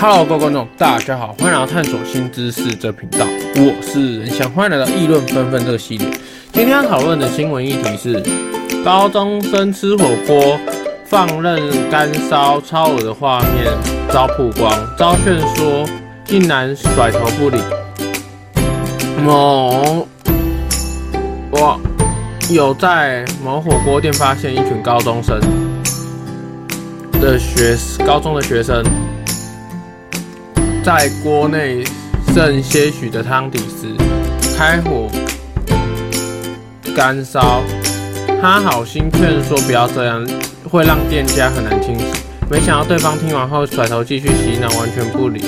Hello，各位觀眾，大家好，歡迎來到探索新知識這頻道，我是仁翔，歡迎來到議論紛紛這個系列。今天要討論的新聞議題是：高中生吃火鍋放任乾燒超噁的畫面遭曝光，遭勸說，竟然甩頭不理。某，我有在某火鍋店發現一群高中生的學，高中的學生。在鍋內剩些許的湯底時，開火乾燒。他好心勸說不要這樣，會讓店家很難清洗。沒想到對方聽完後甩頭繼續洗腦，完全不理。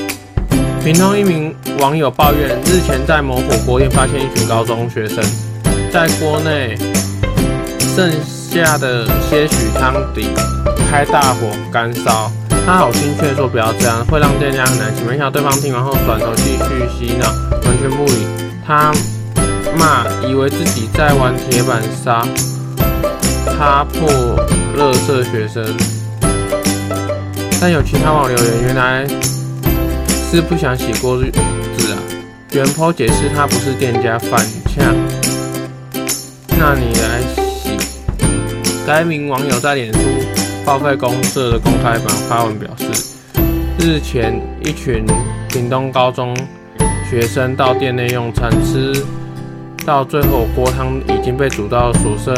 平通一名網友抱怨，日前在某火鍋店發現一群高中學生在鍋內剩下的些許湯底，開大火乾燒。乾燒他好心勸說不要這樣，會讓店家很難清。沒想到對方聽完後轉頭繼續洗腦，完全不理他罵，以為自己在玩鐵板燒，他破垃圾學生。但有其他網友留言，原來是不想洗鍋子啊。原 po 解釋他不是店家反嗆，那你來洗。該名網友在臉書。爆料公社的公開版發文表示，日前一群屏東高中學生到店內用餐吃，吃到最後鍋湯已經被煮到所剩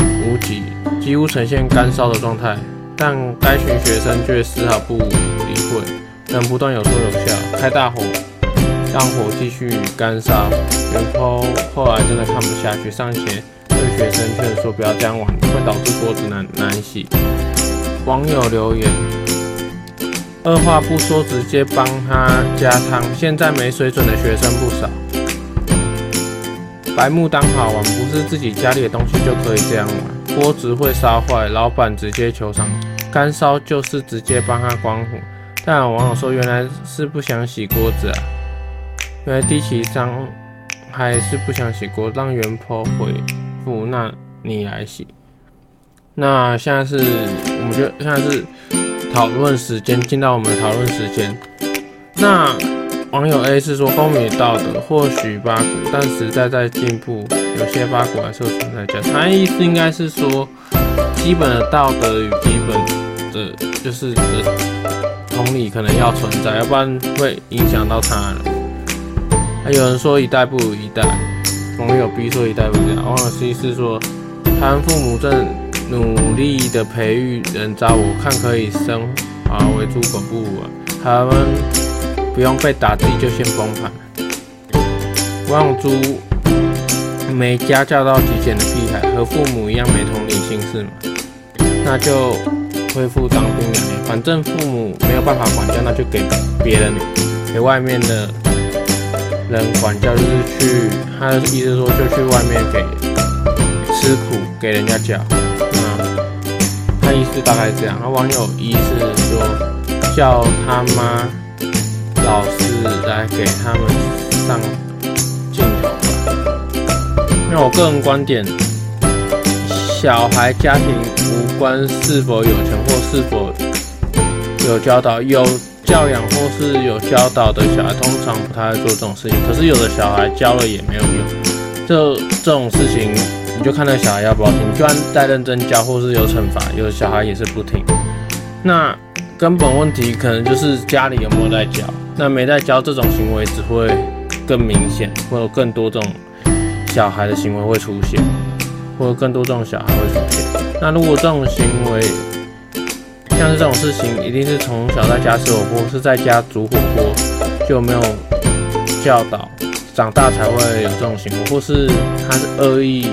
無幾，幾乎呈現乾燒的狀態，但該群學生卻絲毫不理會，仍不斷有說有笑，開大火讓火繼續乾燒，然後後來真的看不下去，上前。對學生勸說不要這樣玩，會導致鍋子難難洗。網友留言：二話不說直接幫他加湯。現在沒水準的學生不少。白目當好玩，玩不是自己家裡的東西就可以這樣玩，鍋子會燒壞。老闆直接求償，乾燒就是直接幫他關火。但有網友說原來是不想洗鍋子啊，原來第七章還是不想洗鍋，讓袁坡回。不，那你來洗。那現在是我們就現在是討論時間，進到我們的討論時間。那網友 A 是說：公民道德或許八股，但實在在進步，有些八股還是會存在價值，他的意思應該是說，基本的道德與基本的，就是同理可能要存在，要不然會影響到他人。還有人說一代不如一代。網友 B，說：“一代不接，旺、哦、仔是說，他們父母正努力的培育人渣，我看可以升華、啊、為豬狗不如啊。他們不用被打擊就先崩盤了。旺豬沒家教到極簡的屁孩，和父母一樣沒同理心是嗎？那就恢復當兵兩年，反正父母沒有辦法管教，那就給別人，給外面的。”人管教，就是去，他的意思說就去外面給吃苦，給人家教。那他的意思大概是這樣。而網友一是說叫他媽老師來給他們上鏡頭吧。因為我個人觀點，小孩家庭無關是否有錢或是否有教導有。教養或是有教導的小孩，通常不太會做這種事情。可是有的小孩教了也沒有用，就這種事情，你就看那個小孩要不要聽。你就算再認真教或是有懲罰，有的小孩也是不聽。那根本問題可能就是家裡有沒有在教。那沒在教，這種行為只會更明顯，會有更多這種小孩的行為會出現，會有更多這種小孩會出現。那如果這種行為，像是這種事情，一定是從小在家吃火鍋，是在家煮火鍋就沒有教導，長大才會有這種行為，或是他是惡意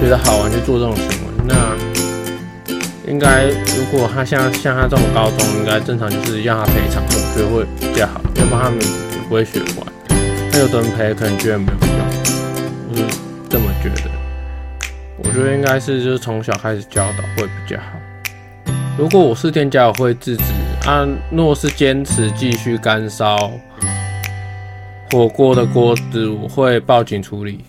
覺得好玩去做這種行為。那應該如果他像像他這種高中，應該正常就是要他賠償，我覺得會比較好，要不然他們也不會學乖。那有的人賠可能覺得沒有用。要，我是這麼覺得。我覺得應該是就是從小開始教導會比較好。如果我是店家，我會制止；啊，若是堅持繼續乾燒火鍋的鍋子，我會報警處理。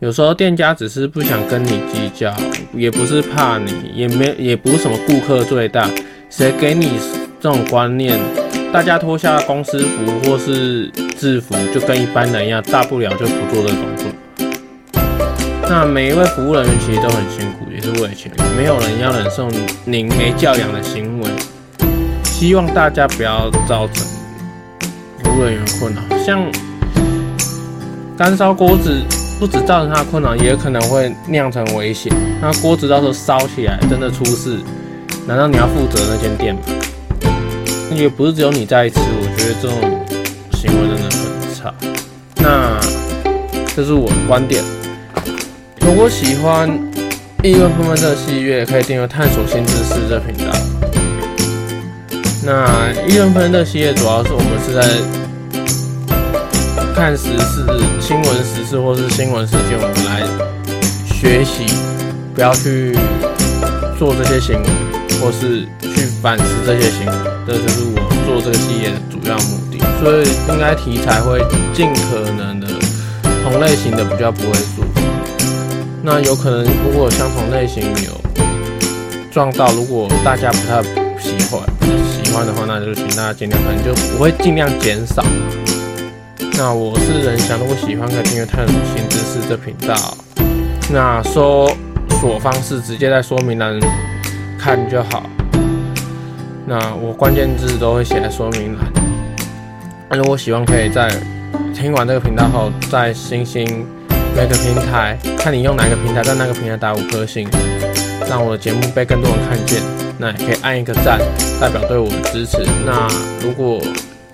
有時候店家只是不想跟你計較，也不是怕你，也沒也不是什麼顧客最大。誰給你這種觀念？大家脫下公司服或是制服，就跟一般人一樣，大不了就不做這種工作。那每一位服務人員其實都很辛苦，也是為了錢，沒有人要忍受您沒教養的行為。希望大家不要造成服務人員困擾。像乾燒鍋子，不止造成他的困擾，也可能會釀成危險。那鍋子到時候燒起來，真的出事，難道你要負責那間店嗎？也不是只有你在吃，我覺得這種行為真的很差。那這是我的觀點。如果喜歡《議論紛紛的系列》，可以訂閱《探索新知識》這頻道。那《議論紛紛的系列》主要是我們是在看時事、新聞時事或是新聞事件，我們來學習，不要去做這些行為，或是去反思這些行為。這就是我做這個系列的主要目的。所以應該題材會盡可能的同類型的比較不會做。那有可能，如果相同類型有撞到，如果大家不太喜歡，不喜歡的話，那就行。那儘量可能就我會儘量減少。那我是仁翔，如果喜歡可以訂閱探索新知識這頻道。那搜索方式直接在說明欄看就好。那我關鍵字都會寫在說明欄。那如果喜歡，可以在聽完這個頻道後，在星星。每個平台，看你用哪個平台，在那個平台打五顆星，讓我的節目被更多人看見。那也可以按一個讚，代表對我的支持。那如果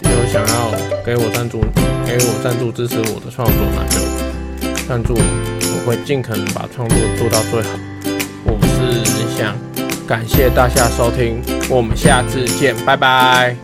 有想要給我贊助，給我贊助支持我的創作，那就贊助我，我會盡可能把創作做到最好。我是仁翔，感謝大家收聽，我們下次見，拜拜。